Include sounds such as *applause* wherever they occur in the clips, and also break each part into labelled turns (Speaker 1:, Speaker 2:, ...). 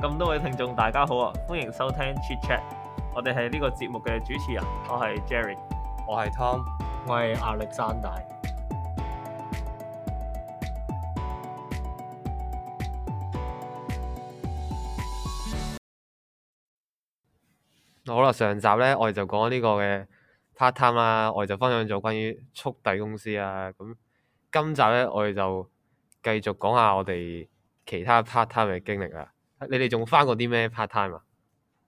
Speaker 1: 咁多位聽眾，大家好啊！歡迎收聽 Chit Chat，我哋係呢個節目嘅主持人，我係 Jerry，我係 Tom，我係亞歷山大。
Speaker 2: 好啦，上集咧，我哋就講呢個嘅 part time 啦，我哋就分享咗關於速遞公司啊。咁今集咧，我哋就繼續講下我哋其他 part time 嘅經歷啦。你哋仲返過啲咩 part time 啊？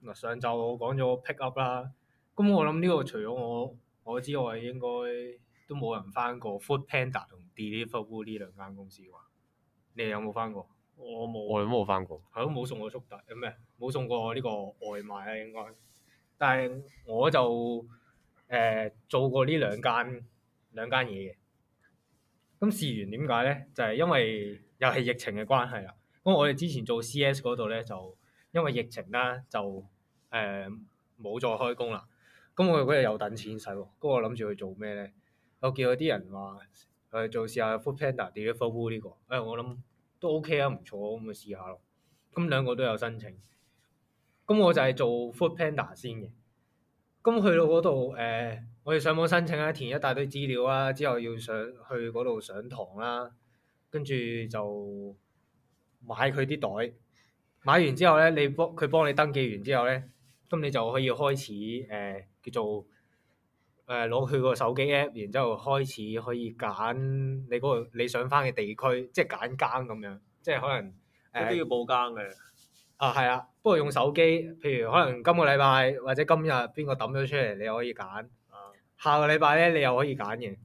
Speaker 3: 嗱，上晝我講咗 pick up 啦，
Speaker 2: 咁我諗呢
Speaker 3: 個除咗我我之外，應該都冇人返過 Food Panda 同 Deliveroo 呢兩間公司啩？你哋有冇返過？我
Speaker 2: 冇，我都冇返過，
Speaker 3: 係都冇送過速遞，誒咩？冇送過呢個外賣啊，應該。但係我就誒、呃、做過兩兩呢兩間兩間嘢，咁事緣點解咧？就係、是、因為又係疫情嘅關係啦。咁我哋之前做 C.S. 嗰度咧，就因為疫情啦，就誒冇、呃、再開工啦。咁我哋嗰日又等錢使喎，咁我諗住去做咩咧？我見有啲人話去做試下 Food Panda、Deliveroo、這、呢個，誒、哎、我諗都 O.K. 啊，唔錯，咁咪試下咯。咁兩個都有申請，咁我就係做 Food Panda 先嘅。咁去到嗰度誒，我哋上網申請啊，填一大堆資料啊，之後要上去嗰度上堂啦，跟住就，買佢啲袋，買完之後咧，你幫佢幫你登記完之後咧，咁你就可以開始誒、呃、叫做誒攞佢個手機 app，然之後開始可以揀你嗰、嗰個你想返嘅地區，即係揀間咁樣，即係可能誒、呃、都要報間嘅。啊，係啊，不過用手機，譬如可能今個禮拜或者今日邊個抌咗出嚟，你可以揀。嗯、下個禮拜咧，你又可以揀嘅。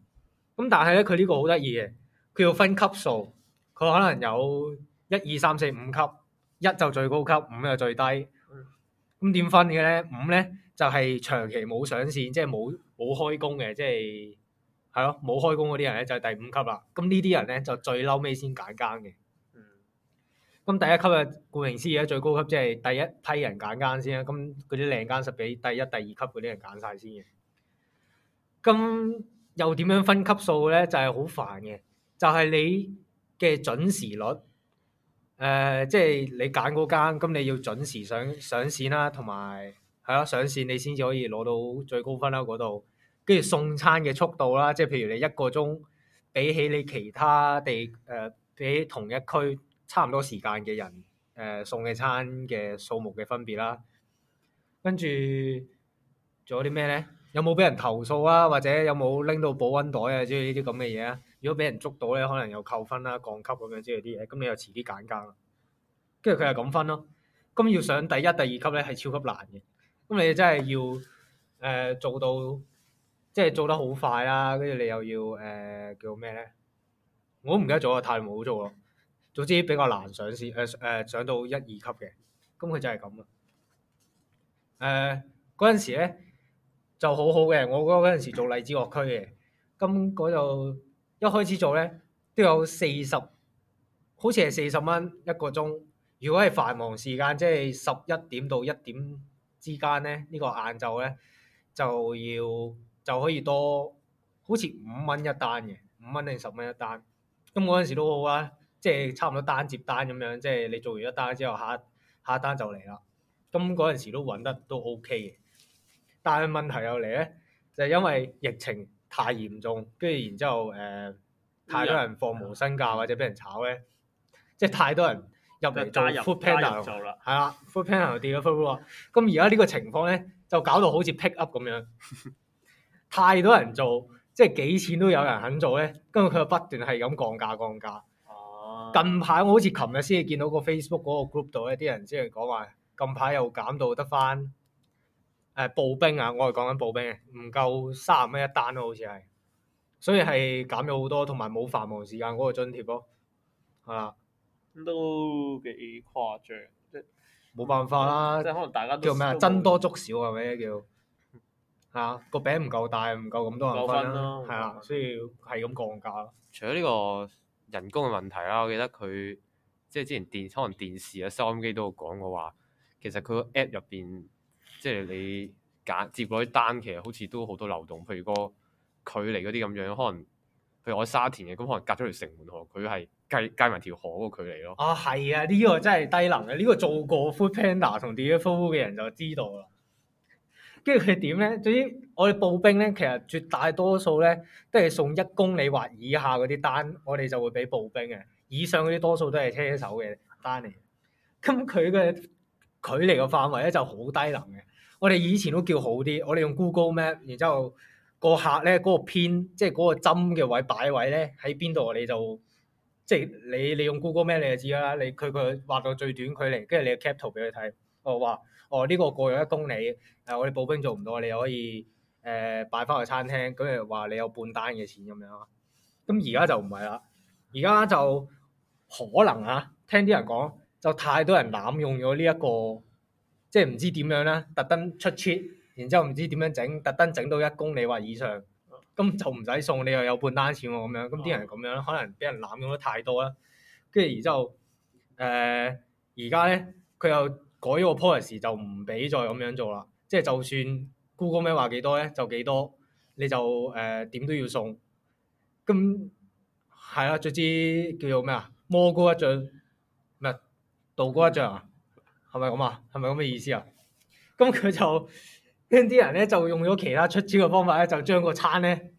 Speaker 3: 咁但係咧，佢呢個好得意嘅，佢要分級數，佢可能有。一二三四五級，一就最高級，五就最低。咁點、嗯、分嘅咧？五咧就係、是、長期冇上線，即係冇冇開工嘅，即係係咯冇開工嗰啲人咧就係第五級啦。咁呢啲人咧就最嬲尾先揀更嘅。咁、嗯、第一級嘅顧名思義咧，最高級即係第一批人揀更先啦。咁嗰啲靚更實俾第一、第二級嗰啲人揀晒先嘅。咁又點樣分級數咧？就係、是、好煩嘅，就係、是、你嘅準時率。誒、呃，即係你揀嗰間，咁你要準時上上線啦、啊，同埋係咯上線你先至可以攞到最高分啦嗰度。跟住送餐嘅速度啦、啊，即係譬如你一個鐘，比起你其他地誒、呃，比起同一區差唔多時間嘅人誒、呃、送嘅餐嘅數目嘅分別啦、啊。跟住仲有啲咩呢？有冇俾人投訴啊？或者有冇拎到保溫袋啊？之類呢啲咁嘅嘢啊？如果俾人捉到咧，可能又扣分啦、降級咁樣之類啲嘢。咁你又遲啲揀更啦。跟住佢就咁分咯。咁要上第一、第二級咧，係超級難嘅。咁你真係要誒做到，即係做得好快啦。跟住你又要誒叫咩咧？我唔記得做啊，太冇做咯。總之比較難上線誒誒，上到一、二級嘅。咁佢就係咁啦。誒嗰陣時咧就好好嘅。我嗰個嗰陣時做荔枝樂區嘅，咁嗰就。一開始做咧，都有四十，好似係四十蚊一個鐘。如果係繁忙時間，即係十一點到一點之間咧，這個、呢個晏晝咧就要就可以多，好似五蚊一單嘅，五蚊定十蚊一單。咁嗰陣時都好啊，即係差唔多單接單咁樣，即係你做完一單之後，下一下一單就嚟啦。咁嗰陣時都搵得都 OK 嘅，但係問題又嚟咧，就係、是、因為疫情。太嚴重，跟住然之後誒、呃，太多人放無薪假或者俾人炒咧，即係太多人入嚟做 foodpanda 就啦，係啦 foodpanda 跌咗好多，咁而家呢個情況咧就搞到好似 pick up 咁樣，太多人做，即係幾錢都有人肯做咧，跟住佢又不斷係咁降價降價。哦、啊，近排我好似琴日先至見到個 Facebook 嗰個 group 度咧，啲人先係講話，近排又減到得翻。誒、啊、步兵啊，我係講緊步兵嘅、啊，唔夠十蚊一單咯、啊，好似係，所以係減咗好多，同埋冇繁忙時間嗰、那個津貼咯、啊，係、啊、
Speaker 1: 啦，都幾誇張，即
Speaker 3: 係冇辦法啦，即係可能大家都叫咩啊？爭多足少係咪叫？係、嗯、啊，個餅唔夠大，唔夠咁多人分啦、啊，係啊,啊,啊，所以係咁降價咯。
Speaker 2: 除咗呢個人工嘅問題啦、啊，我記得佢即係之前電可能電視啊、收音機都有講過話，其實佢個 App 入邊。即係你接接嗰啲單，其實好似都好多流動，譬如個距離嗰啲咁樣，可能譬如我喺沙田嘅，咁可能隔咗條城門河，佢係計計埋條河嗰個距離咯。啊，
Speaker 3: 係啊，呢、這個真係低能啊。呢、這個做過 Foodpanda 同 DFO 嘅人就知道啦。跟住佢點咧？總之我哋步兵咧，其實絕大多數咧都係送一公里或以下嗰啲單，我哋就會俾步兵嘅。以上嗰啲多數都係車手嘅單嚟。咁佢嘅距離嘅範圍咧就好低能嘅。我哋以前都叫好啲，我哋用 Google Map，然之後個客咧嗰、嗰個偏，即係嗰個針嘅位擺位咧喺邊度，你就即係你你用 Google Map 你就知啦。你佢佢畫到最短距離，跟住你嘅 cap 圖俾佢睇，哦話哦呢、呢個過咗一公里，但、呃、我哋補兵做唔到，你可以誒擺翻去餐廳，咁誒話你有半單嘅錢咁樣。
Speaker 2: 咁而家
Speaker 3: 就唔係啦，而家就可能嚇、啊，聽啲人講就太多人濫用咗呢一個。即係唔知點樣啦，特登出 trip，然之後唔知點樣整，特登整到一公里或以上，咁就唔使送，你又有半單錢喎咁樣，咁啲人咁樣，可能俾人濫用得太多啦。跟住而之後，誒而家咧，佢又改個 policy 就唔俾再咁樣做啦。即係就算 Google Map 話幾多咧，就幾多，你就誒點、呃、都要送。咁係啦，最之叫做咩啊？蘑菇一仗，咩道哥一仗啊？係咪咁啊？係咪咁嘅意思啊？咁佢就跟啲人咧就用咗其他出招嘅方法咧，就將個餐咧，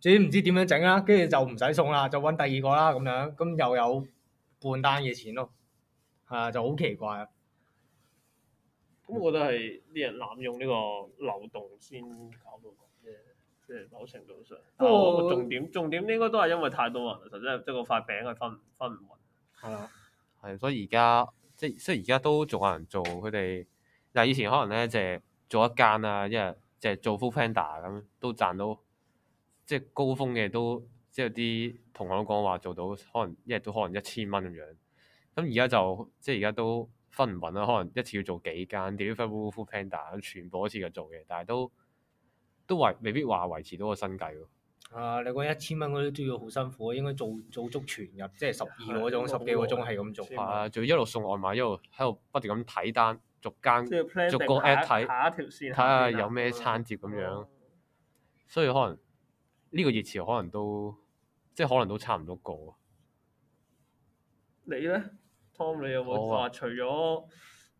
Speaker 3: 即係唔知點樣整啦，跟住就唔使送啦，就搵第二個啦咁樣，咁又有半單嘅錢咯，係啊，就好奇怪。
Speaker 1: 咁我覺得係啲人濫用呢個漏洞先搞到咁嘅，即係某程度上。哦。重點，重點應該都係因為太多人，實質即係個塊餅係分分唔勻。係啊。
Speaker 2: 係，所以而家。即即而家都仲有人做，佢哋嗱以前可能咧就係、做一間啊，一日就做 full panda 咁都賺到，即係高峰嘅都即係啲同學都講話做到可能一日都可能一千蚊咁樣。咁而家就即係而家都分唔穩啦，可能一次要做幾間 even full panda 全部一次就做嘅，但係都都維未必話維持到個薪計喎。
Speaker 3: 啊！你講一千蚊嗰啲都要好辛苦，應該做做足全日，即係十二個鐘、十幾的個鐘係咁做。係啊，
Speaker 2: 仲要一路送外賣，一路喺度不斷咁睇單，逐間逐個 app 睇，睇下，一
Speaker 1: 條線、啊、睇下有咩
Speaker 2: 餐接咁樣。哦、所以可能呢、呢個熱潮可能都即係可能都差唔多過。
Speaker 1: 你咧，Tom，你有冇話、哦啊、除咗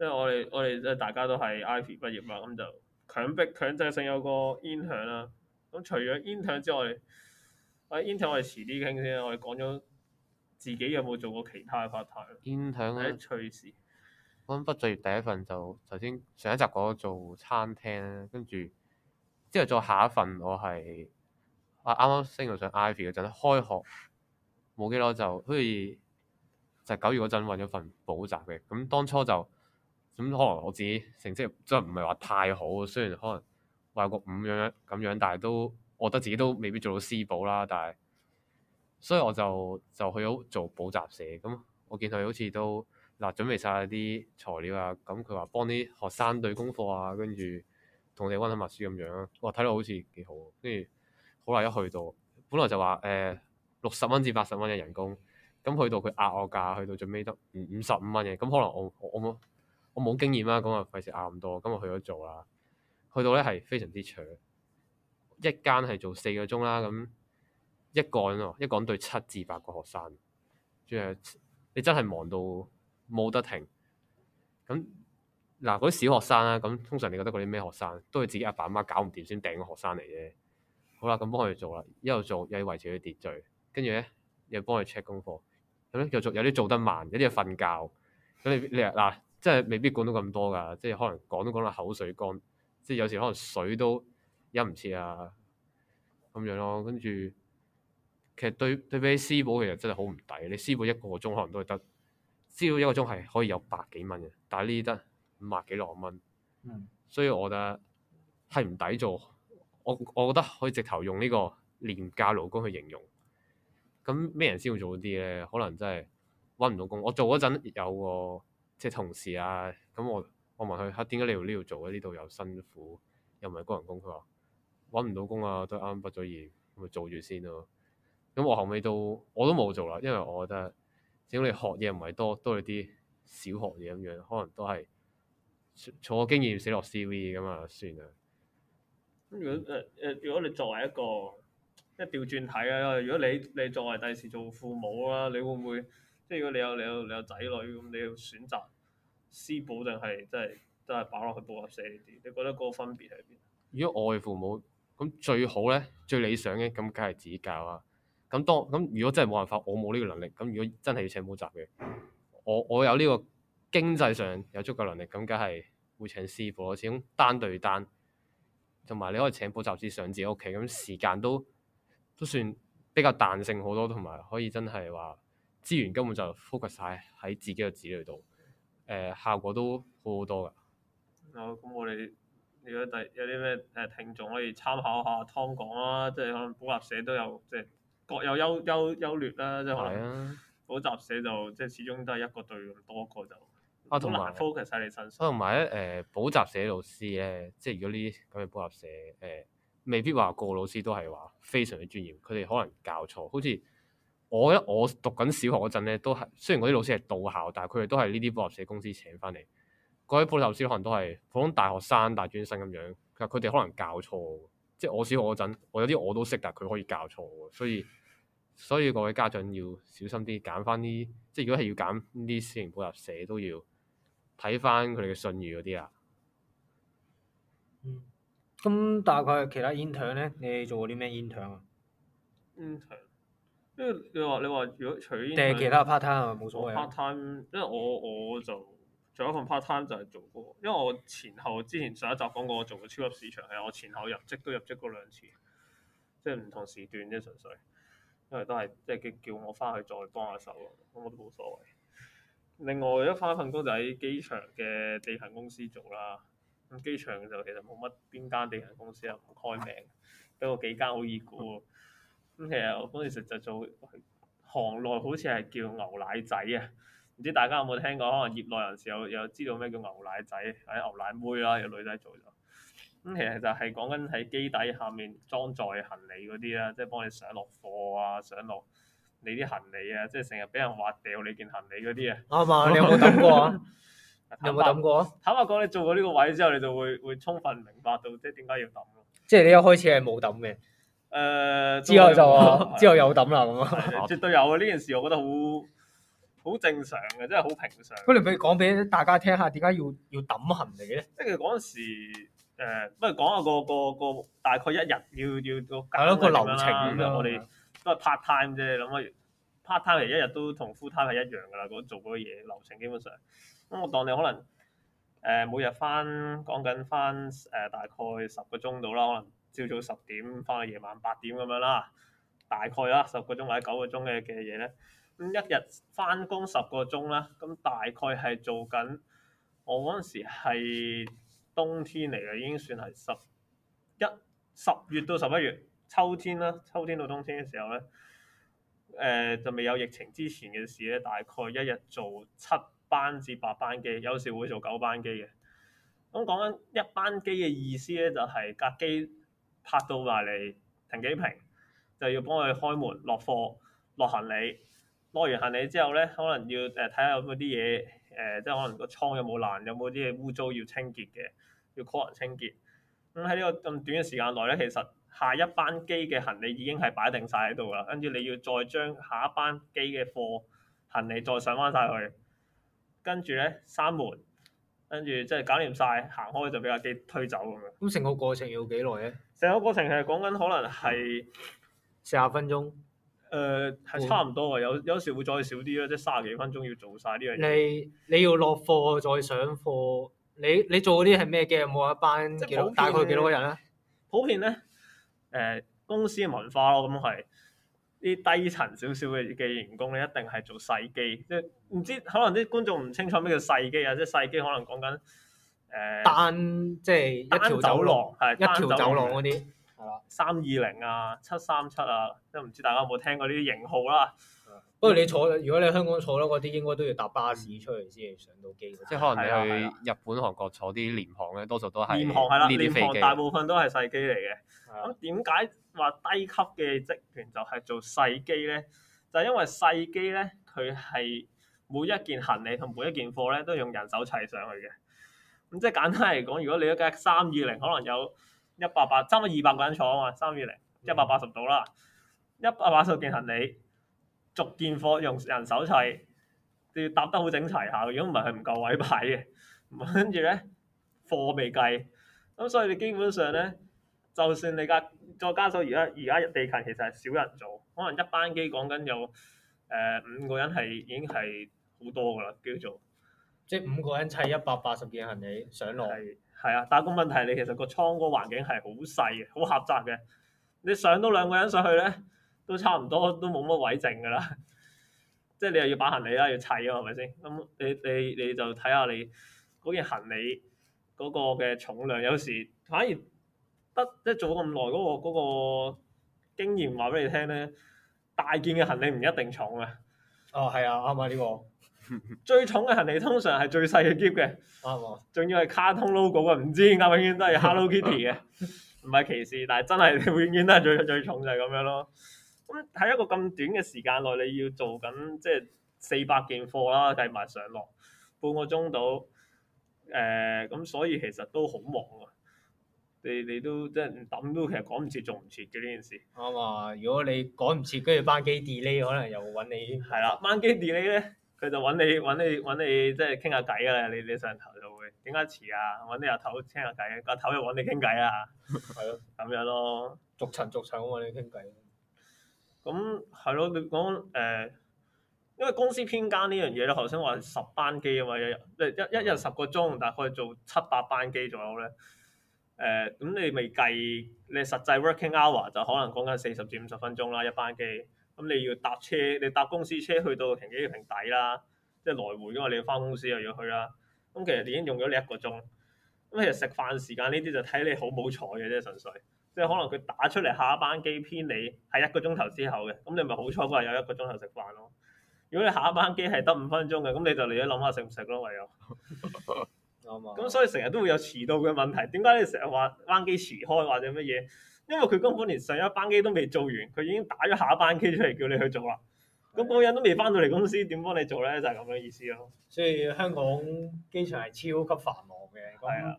Speaker 1: 因為我哋我哋即係大家都係 ivy 畢業啦，咁就強迫強制性有個影響啦、啊。咁除咗 intern 之外，我 intern 我哋遲啲傾先啦。我哋講咗自己有冇做過其他嘅 part time。intern 啊，隨時。
Speaker 2: 我諗畢咗業第一份就頭先上一集講做餐廳，跟住之後再下一份我係啊啱啱升到上 Ivy 嗰陣，開學冇幾耐就好似就係九月嗰陣揾咗份補習嘅。咁當初就咁可能我自己成績真係唔係話太好，雖然可能。話個五樣樣咁樣，但係都我覺得自己都未必做到私補啦。但係所以我就就去咗做補習社咁，我見佢好似都嗱準備晒啲材料啊，咁佢話幫啲學生對功課啊，跟住同你溫下默書咁樣，哇睇落好似幾好，啊，跟住好耐一去到，本來就話誒六十蚊至八十蚊嘅人工，咁去到佢壓我價，去到最尾得五五十五蚊嘅，咁可能我我我冇經驗啦，啊，咁啊費事壓咁多，咁啊去咗做啦。去到咧係非常之長，一間係做四個鐘啦。咁一個人哦一個人對七至八個學生，仲有，你真係忙到冇得停咁嗱。嗰啲小學生啦，咁通常你覺得嗰啲咩學生都係自己阿爸阿媽搞唔掂先頂嘅學生嚟啫。好啦，咁幫佢做啦，一路做又要維持佢秩序，跟住咧又幫佢 check 功課咁咧，又做有啲做得慢，有啲瞓覺咁，你你嗱、啊、真係未必管到咁多㗎，即係可能講都講到口水乾。即係有時可能水都飲唔切啊，咁樣咯。跟住其實對對比起私補，其實真係好唔抵。你私補一個鐘可能都係得，私補一個鐘係可以有百幾蚊嘅，但係呢啲得五十幾六十蚊。所以我覺得係唔抵做。我我覺得可以直頭用呢個廉價勞工去形容。咁咩人先會做呢啲咧？可能真係揾唔到工。我做嗰陣有個即係同事啊，咁我。我問佢：黑，點解你要呢度做啊？呢度又辛苦，又唔係高人工。佢話：揾唔到工啊，都啱畢咗業，咁咪做住先咯。咁我後尾都我都冇做啦，因為我覺得，只要你學嘢唔係多多咗啲，小學嘢咁樣，可能都係從我經驗寫落 C V 咁啊，算啦。
Speaker 1: 咁如果誒誒，如果你作為一個，即係調轉睇啊，如果你你作為第時做父母啦，你會唔會即係如果你有你有你有仔女咁，你要選擇？私補定係真係真係擺落去補習社呢啲？你覺得嗰個分別喺邊？
Speaker 2: 如果我係父母咁最好呢，最理想嘅咁，梗係自己教啦。咁當咁如果真係冇辦法，我冇呢個能力咁，如果真係要請補習嘅，我我有呢個經濟上有足夠能力咁，梗係會請師傅咯。始終單對單，同埋你可以請補習師上自己屋企，咁時間都都算比較彈性好多，同埋可以真係話資源根本就 focus 喺自己嘅子女度。誒，效果都好好
Speaker 1: 多噶。哦、嗯，咁我哋如果第有啲咩誒聽眾可以參考下湯講啦，即係可能補習社都有，即係各有優優優劣啦。即係補習社就即係始終都係一個隊咁多個就好難 focus 晒你身上。所以同
Speaker 2: 埋咧，誒，補、呃、習社老師咧，即係如果呢啲咁嘅補習社，誒、呃，未必話個老師都係話非常之專業，佢哋、嗯、可能教錯，好似。我咧，我讀緊小學嗰陣咧，都係雖然嗰啲老師係到校，但係佢哋都係呢啲補習社公司請翻嚟。嗰啲補習師可能都係普通大學生，大專生咁樣。佢佢哋可能教錯，即係我小學嗰陣，我有啲我都識，但係佢可以教錯。所以所以各位家長要小心啲，揀翻啲，即係如果係要揀呢啲小型補習社，都要睇翻佢哋嘅信譽嗰啲啊。
Speaker 3: 咁、嗯、大概其他 intern 咧，你做過啲咩 intern 啊？
Speaker 1: 跟住你話你話，如果除咗其他 part time 係咪冇所謂 part time？因為我我就做一份 part time 就係做過，因為我前後之前上一集講過，我做過超級市場，係我前後入職都入職過兩次，即係唔同時段啫，純粹因為都係即係叫叫我翻去再幫下手，咁我都冇所謂。另外，如果一翻份工就喺機場嘅地勤公司做啦。咁機場就其實冇乜邊間地勤公司唔開名，不過幾間好易估。嗯咁、嗯、其實我嗰時實習做行內好似係叫牛奶仔啊，唔知大家有冇聽過？可能業內人士有有知道咩叫牛奶仔，或者牛奶妹啦、啊，有女仔做咗。咁、嗯、其實就係講緊喺機底下面裝載行李嗰啲啦，即係幫你上落貨啊，上落你啲行李啊，即係成日俾人挖掉你件行李嗰啲啊。啱啊、嗯！ *laughs* 你有冇抌過啊？ *laughs* 白有冇抌過啊？坦白講，你做過呢個位之後，你就會會充分明白到即係點解要抌咯。
Speaker 3: 即係、啊、你一開始係冇
Speaker 1: 抌嘅。誒、呃、之後就， *laughs* 之後有抌啦咁咯。 *laughs* 絕對有啊！呢件事我覺得好好正常嘅，真係好平常不、呃。不如俾
Speaker 3: 講俾大家聽下點解要要
Speaker 1: 抌行李呢？即係嗰陣時，誒，不如講下個個個大概一日要要個搞一個流程咁樣。樣我哋都係 part time 啫，諗下、啊、part time 嚟一日都同 full time 係一樣噶啦。嗰、那個、做嗰啲嘢流程基本上，咁我當你可能誒、呃、每日翻講緊翻誒、呃、大概十個鐘度啦，可能。朝早十點返到夜晚八點咁樣啦，大概啦十個鐘或者九個鐘嘅嘅嘢咧。咁一日返工十個鐘啦，咁大概係做緊，我嗰陣時係冬天嚟嘅，已經算係十一十月到十一月秋天啦。秋天到冬天嘅時候咧，誒、呃、就未有疫情之前嘅事咧，大概一日做七班至八班機，有時會做九班機嘅。咁講緊一班機嘅意思咧，就係隔機。拍到埋嚟停機坪，就要幫佢開門落貨落行李，落完行李之後咧，可能要誒睇下有冇啲嘢誒，即係可能個倉有冇爛，有冇啲嘢污糟要清潔嘅，要 call 人清潔。咁喺呢個咁短嘅時間內咧，其實下一班機嘅行李已經係擺定晒喺度啦，跟住你要再將下一班機嘅貨行李再上翻晒去，跟住咧閂門。跟住即係搞掂晒，行開就俾架機推走咁樣。咁成個過程要幾耐咧？成個過程係講緊可能係四十分鐘。誒係、呃、差唔多啊，有有時會再少啲啦，即係卅幾分鐘要做晒呢樣嘢。你
Speaker 3: 你要落課再上課，
Speaker 1: 你你做嗰啲係咩嘅？有冇一班幾多？即大概幾多個人咧？普遍咧，誒、呃、公司嘅文化咯，咁係。啲低層少少嘅嘅員工咧，一定係做細機，即係唔知可能啲觀眾唔清楚咩叫細機啊，即係細機可能講緊誒單即係、就係、一條走廊，走是一條走廊嗰啲。的三二零啊，七三七啊，都唔知大家有冇聽過呢啲型號啦。不過你坐，如果你喺香港坐咯，嗰啲應該都要搭巴士出去先至上到機。嗯、即係可能你去
Speaker 2: 日本、韓國坐啲廉航咧，多數都係廉航係啦，廉航大部
Speaker 1: 分都係細機嚟嘅。咁點解話低級嘅職員就係做細機咧？就係、是、因為細機咧，佢係每一件行李同每一件貨咧，都用人手砌上去嘅。咁即係簡單嚟講，如果你一架三二零可能有。一百八，差唔多二百個人坐啊嘛，三月零，一百八十度啦，一百八十件行李，逐件貨用人手砌，要搭得好整齊下，如果唔係佢唔夠位擺嘅。跟住咧，貨未計，咁所以你基本上咧，就算你加，再加數而家而家地勤其實係少人做，可能一班機講緊有誒五、呃、個人係已經係好多噶啦，叫做即係五個人砌一百八十件行李上落。係啊，但係個問題你，你其實個倉嗰個環境係好細嘅，好狹窄嘅。你上到兩個人上去咧，都差唔多都冇乜位剩㗎啦。 *laughs* 即係你又要擺行李啦，要砌啊，係咪先？咁你你你就睇下你嗰件行李嗰個嘅重量，有時反而得即係做咁耐嗰個嗰、嗰個經驗話俾你聽咧，大件嘅行李唔一定重嘅。哦，係啊，啱啊，呢、呢個。最重嘅行李通常係最細嘅篋嘅，啊仲要係卡通 logo 啊，唔知啊，永遠都係 Hello Kitty 嘅，唔係 *laughs* 歧視，但係真係你永遠都係最最重就係咁樣咯。咁、嗯、喺一個咁短嘅時間內，你要做緊即係四百件貨啦，計埋上落半個鐘到，誒、呃，咁所以其實都好忙啊。你你都即係唔抌都其實趕唔切，做唔切嘅呢件事。啊如果你趕唔切，跟住班機 delay，可能又揾你係啦，班機 delay 咧。佢就揾你揾你揾你，即係傾下偈啊。你你上頭就會點解遲啊，揾你下頭傾下偈，個頭又揾你傾偈啊。係咯，咁樣咯，逐層逐層咁揾你傾偈。咁係咯，你講誒、呃，因為公司偏間呢樣嘢咧，頭先話十班機啊嘛，一日一一、嗯、一日十個鐘，大概做七八班機左右咧。誒、呃，咁你未計你實際 working hour 就可能講緊四十至五十分鐘啦，一班機。咁你要搭車，你搭公司車去到停機坪底啦，即係來回，因為你要返公司又要去啦。咁其實你已經用咗你一個鐘。咁其實食飯時間呢啲就睇你好唔好彩嘅啫，純粹即係可能佢打出嚟下一班機編你係一個鐘頭之後嘅，咁你咪好彩，都係有一個鐘頭食飯咯。如果你下一班機係得五分鐘嘅，咁你就嚟咗諗下食唔食咯，唯有。啱咁 *laughs* 所以成日都會有遲到嘅問題，點解你成日話班機遲開或者乜嘢？因為佢根本連上一班機都未做完，佢已經打咗下一班機出嚟叫你去做啦。咁嗰人都未翻到嚟公司，點幫你做呢？就係咁嘅意思咯。所以香港機場係超級繁
Speaker 3: 忙嘅。係啊。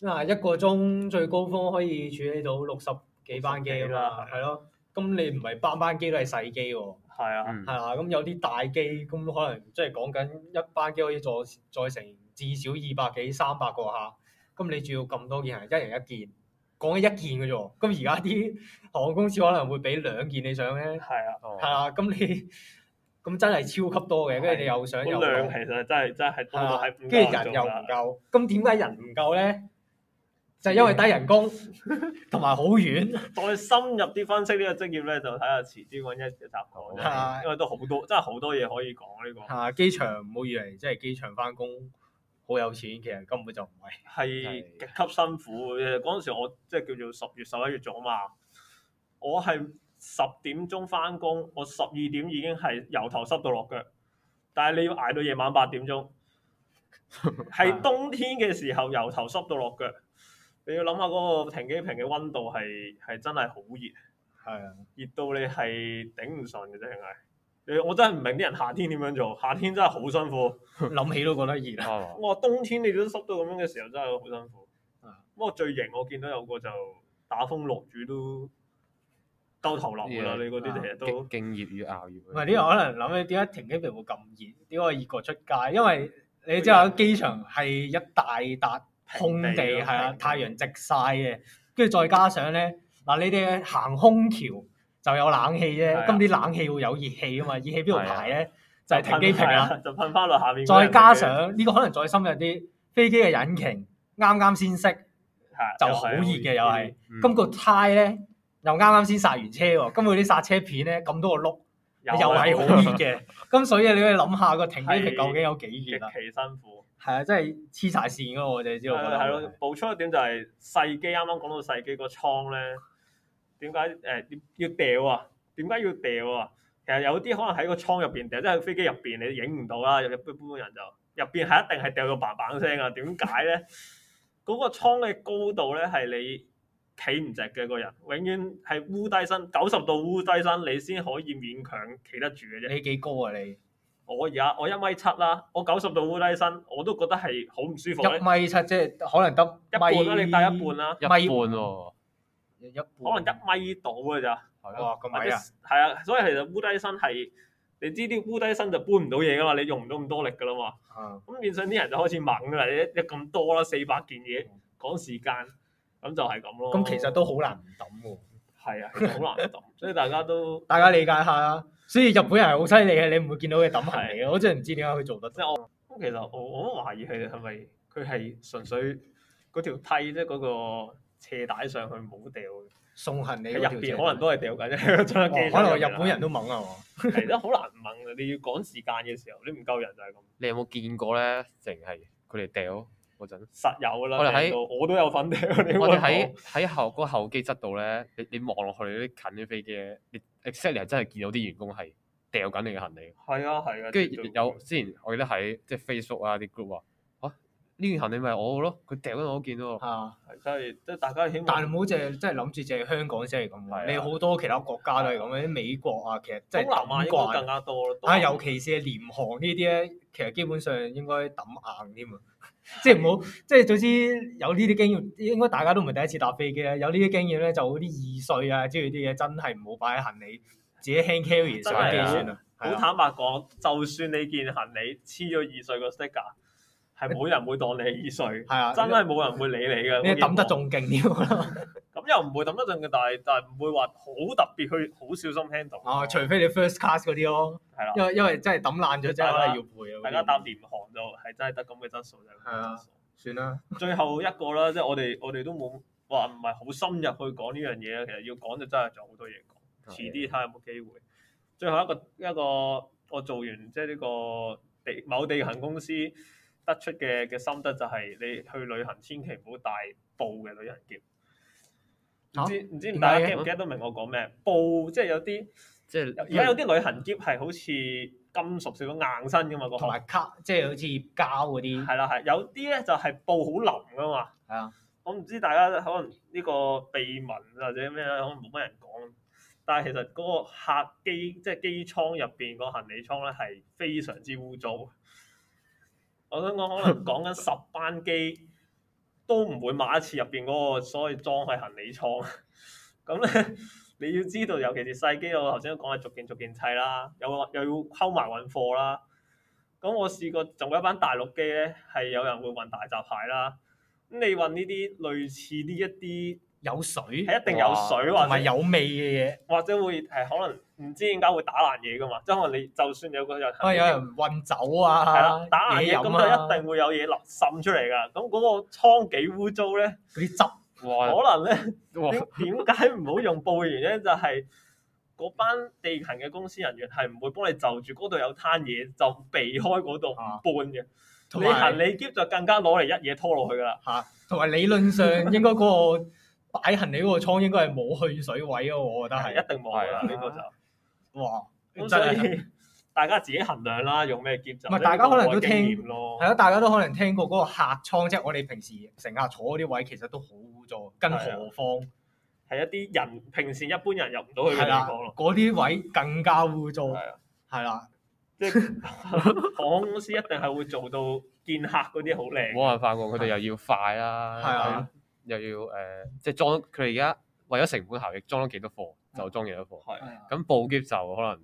Speaker 3: 嗱，一個鐘最高峰可以處理到六十幾班機啊嘛。係咯。咁你唔係班班機都係細機喎。係啊。係啊，咁有啲大機，咁可能即係講緊一班機可以坐坐成至少二百幾、三百個客。咁你仲要咁多件，係一人一件。講咗一件嘅啫，咁而家啲航空公司可能會俾兩件你上咧，係啊，係、哦、啊，咁你咁真係超級多嘅，跟住、啊、你又想又，量其實真係真係、啊，跟住人又唔夠，咁點解人唔
Speaker 1: 夠咧？就
Speaker 3: 是、因為低人
Speaker 1: 工同埋好遠。當 *laughs* 你深入啲分析呢個職業咧，就睇下遲啲搵一嘅答案。係、哦，因為都好多，真係好多嘢可以講呢、啊這個。係機場唔好以為即係機場翻工好有錢，其實根本就唔係，係是是極級辛苦嘅。嗰陣 *laughs* 時我即係叫做十月十一月咗啊嘛，我係十點鐘翻工，我十二點已經係由頭濕到落腳。但係你要捱到夜晚八點鐘，係 *laughs* 冬天嘅時候由頭濕到落腳。你要諗下嗰個停機坪嘅溫度係係真係好熱，係啊，熱到你係頂唔上嘅真係。我真係唔明啲人夏天點樣做，夏天真係好辛苦，諗 *laughs* 起都覺得熱。我話 *laughs* 冬天你都濕到咁樣嘅時候，真係好辛苦。不過、 *laughs* 啊、我最型，我見到有個就打風落雨都兜頭淋噶啦，你嗰啲其實都
Speaker 2: 勁熱與熬熱。唔係呢？呢個、可能
Speaker 3: 諗起點解停機坪會咁熱？點解熱過出街？因為你知喺如機場係一大笪空地，係啊，太陽直晒嘅，跟住再加上咧，嗱，你哋行空橋。就有冷氣啫，咁啲冷氣會有熱氣吖嘛？熱氣邊度排咧？就係停機坪啦，就噴翻落下面。再加上呢個可能再深入啲，飛機嘅引擎啱啱先熄，就好熱嘅又係。咁個胎咧又啱啱先剎完車喎，咁佢啲剎車片咧咁多個轆，
Speaker 1: 又係好熱嘅。
Speaker 3: 咁所以你可以諗下個停機坪究竟有
Speaker 1: 幾熱啊？極其辛苦。
Speaker 3: 係啊，真係黐晒線咯！我哋知道。係咯，
Speaker 1: 補充一點就係細機，啱啱講到細機個倉咧。點解誒要掉啊？點解要掉啊？其實有啲可能喺個倉入邊掉，即係飛機入邊你影唔到啦。一般般人就入邊係一定係掉到嘭嘭聲啊！點解咧？嗰 *laughs* 個倉嘅高度咧係你企唔直嘅個人，永遠係烏低身九十度烏低身，低身你先可以勉強企得住嘅啫。你幾高啊？你我而家我一米七啦，我九十度烏低身我都覺得係好唔舒服。一米
Speaker 3: 七即係可能得一半啦、啊，你帶一半啦、啊，一米半喎。
Speaker 1: 一可能一米到嘅咋，哇，咁矮啊，就是！係啊，所以其實烏低身係，你知啲烏低身就搬唔到嘢噶嘛，你用唔到咁多力噶啦嘛。咁是的 變相啲人就開始猛啦，你一一咁多啦，四百件嘢，趕時間，咁就係咁咯。咁其實都好難抌喎，啊。 *laughs* 係啊，好難抌，所以大家都 *laughs*
Speaker 3: 大家理解下啦。所以日本人係好犀利嘅，你唔會
Speaker 1: 見到佢抌鞋嘅。我真係唔知點解佢做得。即係我，其實我我懷疑係係咪佢係純粹嗰條梯啫，嗰、嗰個。嗰個斜帶上去冇掉，送行李入邊可能都係掉緊啫，可能日本人都掹啊係嘛，其實好難掹啊！你要趕時間嘅時候，你唔夠人就
Speaker 2: 係咁。你有冇見過咧？淨係佢哋掉嗰陣，實有啦。我哋喺度，我都有份掉。我哋喺喺後嗰後機側度咧，你你望落去啲近啲飛機，你 exactly 真係見到啲員工係掉緊你嘅行李。係
Speaker 1: 啊係啊。跟住
Speaker 2: 有之前我記得喺即係 Facebook 啊啲 group 啊。呢件行李咪我咯，佢掉咗我件喎。係，所以
Speaker 3: 即係大家。但係唔好淨係即係諗住淨係香港先係咁，你好多其他國家都係咁嘅，啲美國啊，其實即係，東南亞更加
Speaker 1: 多咯。啊，尤
Speaker 3: 其是係廉航呢啲咧，其實基本上應該抌硬添啊，即係唔好，即係總之有呢啲經驗，應該大家都唔係第一次搭飛機啦。有呢啲經驗咧，就嗰啲易碎啊之類啲嘢，真係唔好擺喺行李，自己 hand carry 上機算啦。好坦
Speaker 1: 白講，就算你件行李黐咗易碎個 sticker。係冇 *laughs* 人會當你係耳水，係啊的，真係冇人會理你嘅。 *laughs* 你抌得仲勁啲，咁又唔會抌得盡嘅，但係但係唔會話好特別去好小心 handling，哦，除非你
Speaker 3: first class 嗰啲咯，係啦，因為
Speaker 1: 因為真係抌爛咗真係要賠啊。的大家搭廉航就係真係得咁嘅質素的就係。係啊，算啦。 *laughs* 最後一個啦，即係我哋我哋都冇話唔係好深入去講呢樣嘢其實要講就真係仲有好多嘢講，
Speaker 2: 遲啲睇下
Speaker 1: 有冇機會。的最後一個一個,一個我做完即係呢個地某地行公司。得出嘅嘅心得就係你去旅行千祈唔好帶布嘅旅行夾。唔知唔、啊、知大家記唔記得都明我講咩？布即係有啲，即係而家有啲是旅行夾係好似金屬，少少硬身噶嘛。同埋卡，即係好似膠嗰啲。係啦，係有啲咧就係布好腍噶嘛。係啊的，我唔知大家可能呢個秘聞或者咩咧，可能冇乜人講。但係其實嗰個客機即係機艙入邊個行李艙咧，係非常之污糟。我想講，可能講緊十班機都唔會買一次入邊嗰個，所謂裝喺行李倉。咁咧，你要知道，尤其是細機，我頭先都講係逐件逐件砌啦，又又要溝埋運貨啦。咁我試過仲有一班大陸機咧，係有人會運大閘蟹啦。咁你運呢啲類似呢一啲。有水，係一定有水，哇或者有味嘅嘢，或者會係可能唔知點解會打爛嘢噶嘛？即係可能你就算有個人，啊有人運酒啊，係啦、嗯，打爛嘢咁就一定會有嘢滲出嚟噶。咁、那、嗰個倉幾污糟咧，嗰啲汁，可能咧，點解唔好用布嘅原因就係、是、嗰班地勤嘅公司人員係唔會幫你就住嗰度有攤嘢就避開嗰度搬嘅。啊、你行李喼就更加攞嚟一嘢拖落去噶啦，吓、
Speaker 3: 啊。同埋理論上應該嗰個。 *laughs* *laughs* 擺行李嗰個倉應該係冇去水
Speaker 1: 位咯，我覺得係，一定冇啦，呢個就，哇！
Speaker 3: 真係
Speaker 1: 大家自己衡量啦，用咩機就唔係大家可能都聽，
Speaker 3: 係咯，大家都可能聽過嗰個客倉，即係我哋
Speaker 1: 平時乘客坐嗰啲位其實都好污糟，更何況係一啲人平時一般人入唔到去嘅地方嗰啲位更加污糟，係啦，即係航空公司一定係會做到見客嗰啲好靚，冇辦
Speaker 2: 法喎，佢哋又要快啦。又要誒、呃，即係裝佢哋而家為咗成本效益，裝咗幾多貨、嗯、就裝幾多貨。係的，咁部機就可能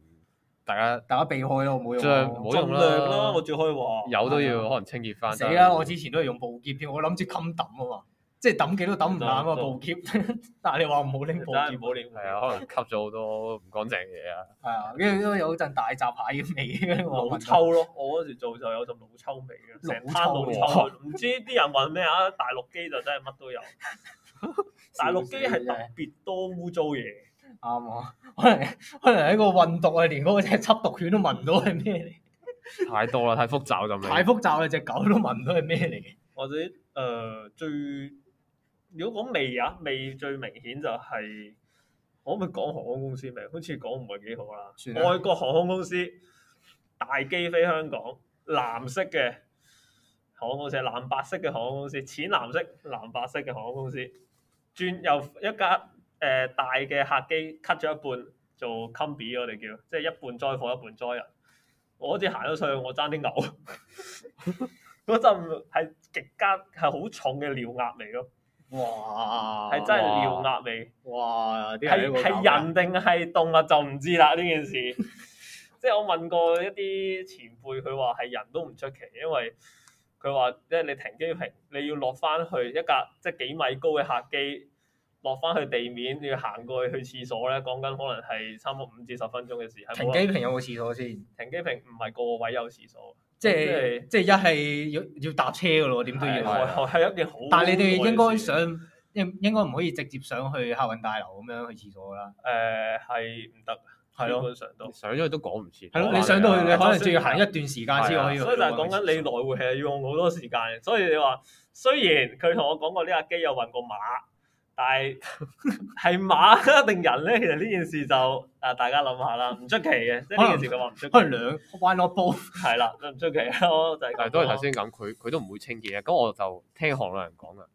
Speaker 2: 大家大家避開咯，唔會用，唔冇用啦。我最開
Speaker 3: 話有都要可
Speaker 2: 能清潔翻。死啦的是！我
Speaker 3: 之前都係用部機添，我諗住襟抌啊嘛。即係抌幾都抌唔爛個布條， *laughs* 但係你話唔好拎布條，係
Speaker 2: 啊、 *laughs* 嗯，可能吸咗好多唔乾淨嘢啊。係啊、 *laughs* 嗯，因為因為有陣大閘蟹嘅味，跟、嗯嗯嗯嗯嗯、老抽咯，
Speaker 1: 我嗰時做就有陣老抽味嘅，成攤老，老抽。唔知啲人聞咩啊？ *laughs* 大陸機就真係乜都有，
Speaker 2: 大陸機係特
Speaker 1: 別多污糟嘢。啱啊、 *laughs* 嗯，
Speaker 3: 可能可能一個運毒啊，連嗰隻緝毒犬都聞唔到係咩
Speaker 1: 嚟？
Speaker 2: *laughs* 太多啦，太複雜就。 *laughs* 太複
Speaker 1: 雜啦，隻狗都聞唔到係咩嚟嘅，或者誒、呃、最。如果講味啊，味最明顯就係，可唔可以講航空公司味？好似講唔係幾好啦。了外國航空公司大機飛香港，藍色嘅航空公司，藍白色嘅航空公司，淺藍色、藍白色嘅航空公司，轉由一架誒、呃、大嘅客機 cut 咗一半做 combi 我哋叫即係一半載貨，一半載人。我好似行咗出去，我爭啲嘔嗰陣係極加係好重嘅尿壓嚟咯。哇！係真係撩壓嚟，哇！係是人定係動物啊，就唔知啦呢件事。 *laughs* 即係我問過一啲前輩，佢話係人都唔出奇，因為佢話即係你停機坪，你要落翻去一架，即係幾米高嘅客機，落翻去地面要行過去去廁所咧，講緊可能係差唔多五至十分鐘嘅事。停機坪有冇廁所先？停機坪唔係個個位有廁所。即係
Speaker 3: 即係，一係要要搭車噶咯，點都要。對但係你哋應該上應、嗯、應該唔可以直接上去客運大樓咁樣去廁所
Speaker 1: 噶啦。誒係唔得，係咯，的上
Speaker 2: 咗去都趕唔切。係咯、哦，對你上到去你的可能仲要行一段時間先可以所。所以就係講
Speaker 1: 緊你來回其實要用好多時間，所以你話雖然佢同我講過呢架機有運過馬。但係係馬定人呢？其實呢件事就啊大家諗下啦，唔出奇嘅。即係呢件事佢話唔出奇。都係兩快樂報。係啦，唔出奇。但第。係、就是、都係頭先
Speaker 2: 咁，佢佢都
Speaker 1: 唔會清潔嘅。咁我就聽
Speaker 2: 行內人講啦。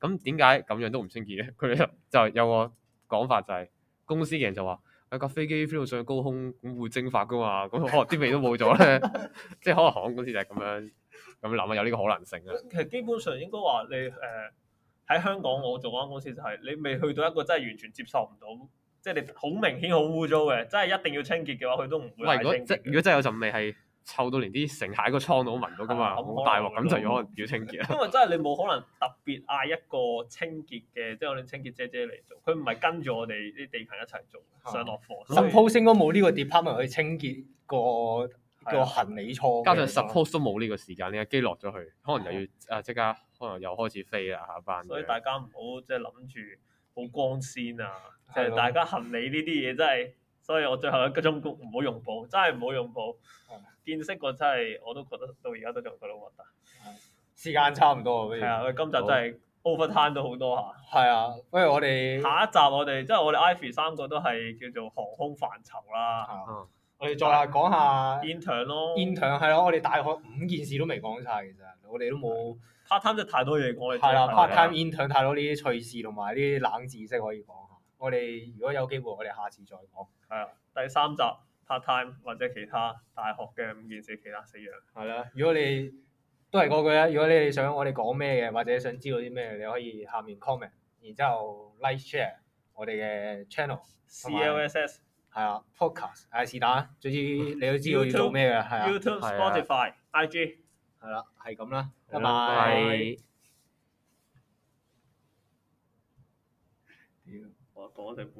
Speaker 2: 咁點解咁樣都唔清潔呢？佢就有個講法就係、是、公司嘅人就話，有架、啊、飛機飛到上高空咁會蒸發噶嘛。咁可能啲味都冇咗呢。」 *laughs* 即係可能航空公司就係咁樣咁諗啊，有呢個可能性啊。其
Speaker 1: 實基本上應該話你誒。呃喺香港我做嗰間公司就係，你未去到一個真係完全接受唔到，即係你好明顯好污糟嘅，真係一定要清潔嘅話，佢都唔會嗌清潔。如果，即，
Speaker 2: 如果真係有陣味係臭到連啲成蟹個倉都聞到噶嘛，好大鑊，咁就有可能有要清潔。因
Speaker 1: 為真係你冇可能特別嗌一個清潔嘅，即係我哋清潔姐姐嚟做，佢唔係跟住我哋啲地勤一齊做上落課。s u p p 應該冇呢個 department 去
Speaker 3: 清潔過。個
Speaker 2: 行
Speaker 1: 李倉，加上 suppose
Speaker 2: 都冇呢個時間，呢架機落咗去，可能又要的啊，即刻，可能又開始飛啦下一班。所以大
Speaker 1: 家唔好即係諗住好光鮮啊！即係的大家行李呢啲嘢真係，所以我最後一個鐘唔好用補，真係唔好用補。的見識過真係，我都覺得到而家都仲覺得核突。時間差唔多啊，不如。係啊，今集真係 overtime 都好多下。係啊，不如我哋下一集我哋即係我哋 Ivy 三個都係叫做航空範疇啦。的我哋再下講下 intern
Speaker 3: 咯，intern 係咯，我哋大學五件事都未講晒。其實我哋都冇的 part time 即係的太多嘢講。
Speaker 1: 係啦，part time
Speaker 3: intern 太多呢啲趣事同埋呢啲冷知識可以
Speaker 1: 講下。我哋如果有機會，我哋下次再講。係啊，第三集 part time 或者其他大學嘅五件事，其他四
Speaker 3: 樣。係啦，如果你都係嗰句啦，如果你哋想我哋講咩嘅，或者想知道啲咩，你可以下面 comment，然之後 like share 我哋嘅 channel。C L S S 係啊，podcast，係是但啊，總之你都知我要做咩噶啦，係
Speaker 2: 啊，YouTube、Spotify、
Speaker 1: IG，係啦，係咁啦，拜拜。我
Speaker 2: 講咗
Speaker 1: 成